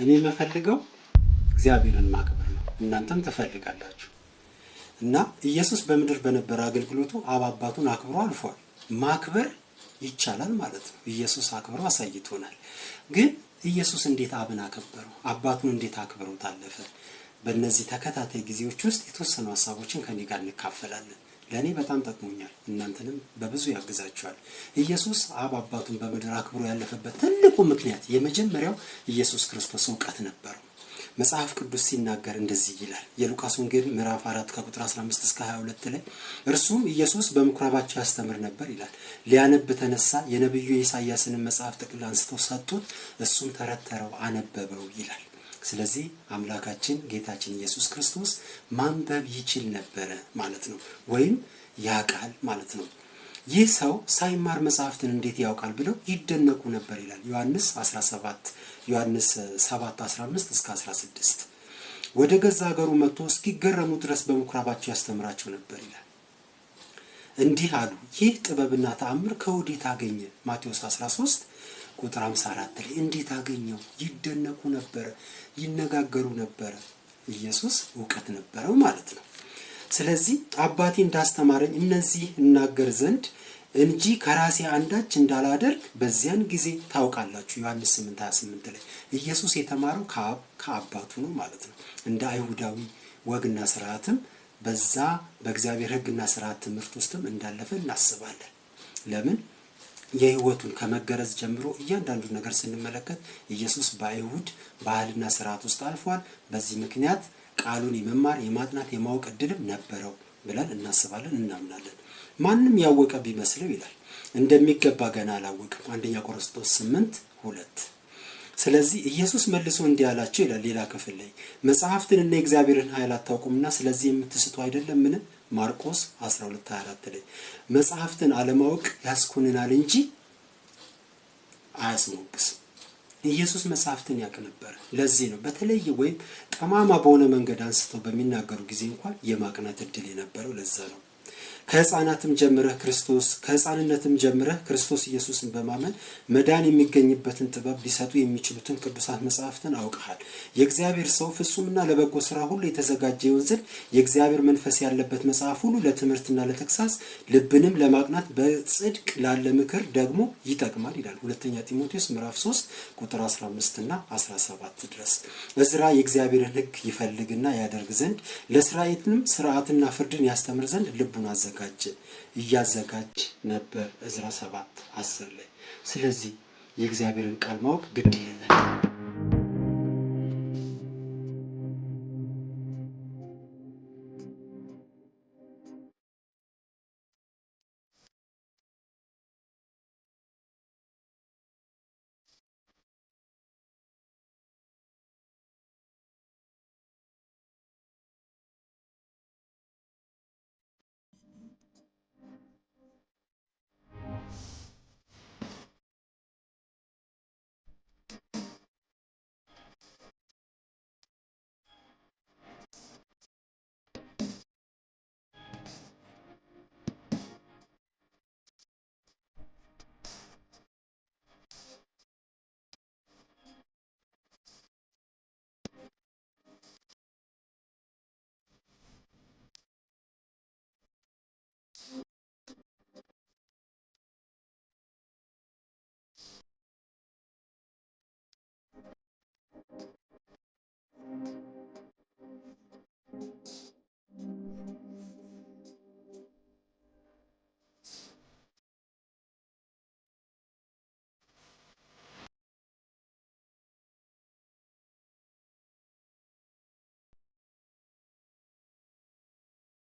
እኔ የምፈልገው እግዚአብሔርን ማክበር ነው። እናንተም ትፈልጋላችሁ እና ኢየሱስ በምድር በነበረ አገልግሎቱ አብ አባቱን አክብሮ አልፏል። ማክበር ይቻላል ማለት ነው። ኢየሱስ አክብሮ አሳይቶናል። ግን ኢየሱስ እንዴት አብን አከበረው? አባቱን እንዴት አክብሮት አለፈ? በእነዚህ ተከታታይ ጊዜዎች ውስጥ የተወሰኑ ሀሳቦችን ከኔ ጋር እንካፈላለን። ለእኔ በጣም ጠቅሞኛል፣ እናንተንም በብዙ ያግዛችኋል። ኢየሱስ አብ አባቱን በምድር አክብሮ ያለፈበት ትልቁ ምክንያት የመጀመሪያው ኢየሱስ ክርስቶስ እውቀት ነበረው። መጽሐፍ ቅዱስ ሲናገር እንደዚህ ይላል። የሉቃስ ወንጌል ምዕራፍ 4 ከቁጥር 15 እስከ 22 ላይ እርሱም ኢየሱስ በምኩራባቸው ያስተምር ነበር ይላል። ሊያነብ ተነሳ፣ የነቢዩ ኢሳይያስንም መጽሐፍ ጥቅል አንስተው ሰጡት፣ እሱም ተረተረው አነበበው ይላል። ስለዚህ አምላካችን ጌታችን ኢየሱስ ክርስቶስ ማንበብ ይችል ነበረ ማለት ነው፣ ወይም ያቃል ማለት ነው። ይህ ሰው ሳይማር መጽሐፍትን እንዴት ያውቃል ብለው ይደነቁ ነበር ይላል ዮሐንስ 17 ዮሐንስ 7 15 እስከ 16 ወደ ገዛ ሀገሩ መጥቶ እስኪገረሙ ድረስ በምኩራባቸው ያስተምራቸው ነበር ይላል። እንዲህ አሉ፣ ይህ ጥበብና ተአምር ከወዴት አገኘ? ማቴዎስ 13 ቁጥር 54 ላይ እንዴት አገኘው? ይደነቁ ነበር ይነጋገሩ ነበር ኢየሱስ እውቀት ነበረው ማለት ነው። ስለዚህ አባቴ እንዳስተማረኝ እነዚህ እናገር ዘንድ እንጂ ከራሴ አንዳች እንዳላደርግ በዚያን ጊዜ ታውቃላችሁ። ዮሐንስ 8:28 ላይ ኢየሱስ የተማረው ከአብ ከአባቱ ነው ማለት ነው። እንደ አይሁዳዊ ወግና ስርዓትም በዛ በእግዚአብሔር ሕግና ስርዓት ትምህርት ውስጥም እንዳለፈ እናስባለን። ለምን የህይወቱን ከመገረዝ ጀምሮ እያንዳንዱን ነገር ስንመለከት ኢየሱስ በአይሁድ ባህልና ስርዓት ውስጥ አልፏል። በዚህ ምክንያት ቃሉን የመማር የማጥናት፣ የማወቅ እድልም ነበረው ብለን እናስባለን፣ እናምናለን። ማንም ያወቀ ቢመስለው ይላል እንደሚገባ ገና አላወቅም። አንደኛ ቆሮንቶስ ስምንት ሁለት ስለዚህ ኢየሱስ መልሶ እንዲህ አላቸው ይላል ሌላ ክፍል ላይ መጽሐፍትንና የእግዚአብሔርን ኃይል አታውቁምና ስለዚህ የምትስቱ አይደለምን? ማርቆስ 12:24 ላይ መጽሐፍትን አለማወቅ ያስኮንናል እንጂ አያስሞግስም። ኢየሱስ መጽሐፍትን ያውቅ ነበር። ለዚህ ነው በተለየ ወይም ጠማማ በሆነ መንገድ አንስተው በሚናገሩ ጊዜ እንኳን የማቅናት እድል የነበረው። ለዛ ነው ከህፃናትም ጀምረህ ክርስቶስ ከህፃንነትም ጀምረህ ክርስቶስ ኢየሱስን በማመን መዳን የሚገኝበትን ጥበብ ሊሰጡ የሚችሉትን ቅዱሳት መጽሐፍትን አውቀሃል። የእግዚአብሔር ሰው ፍጹምና ለበጎ ስራ ሁሉ የተዘጋጀ ይሆን ዘንድ የእግዚአብሔር መንፈስ ያለበት መጽሐፍ ሁሉ ለትምህርትና ለተግሳጽ ልብንም ለማቅናት በጽድቅ ላለ ምክር ደግሞ ይጠቅማል ይላል ሁለተኛ ጢሞቴዎስ ምዕራፍ 3 ቁጥር 15 እና 17 ድረስ። እዝራ የእግዚአብሔርን ህግ ይፈልግና ያደርግ ዘንድ ለእስራኤልም ስርዓትና ፍርድን ያስተምር ዘንድ ልቡን አዘጋጅ እያዘጋጀ እያዘጋጅ ነበር እዝራ ሰባት አስር ላይ። ስለዚህ የእግዚአብሔርን ቃል ማወቅ ግድ ይለናል።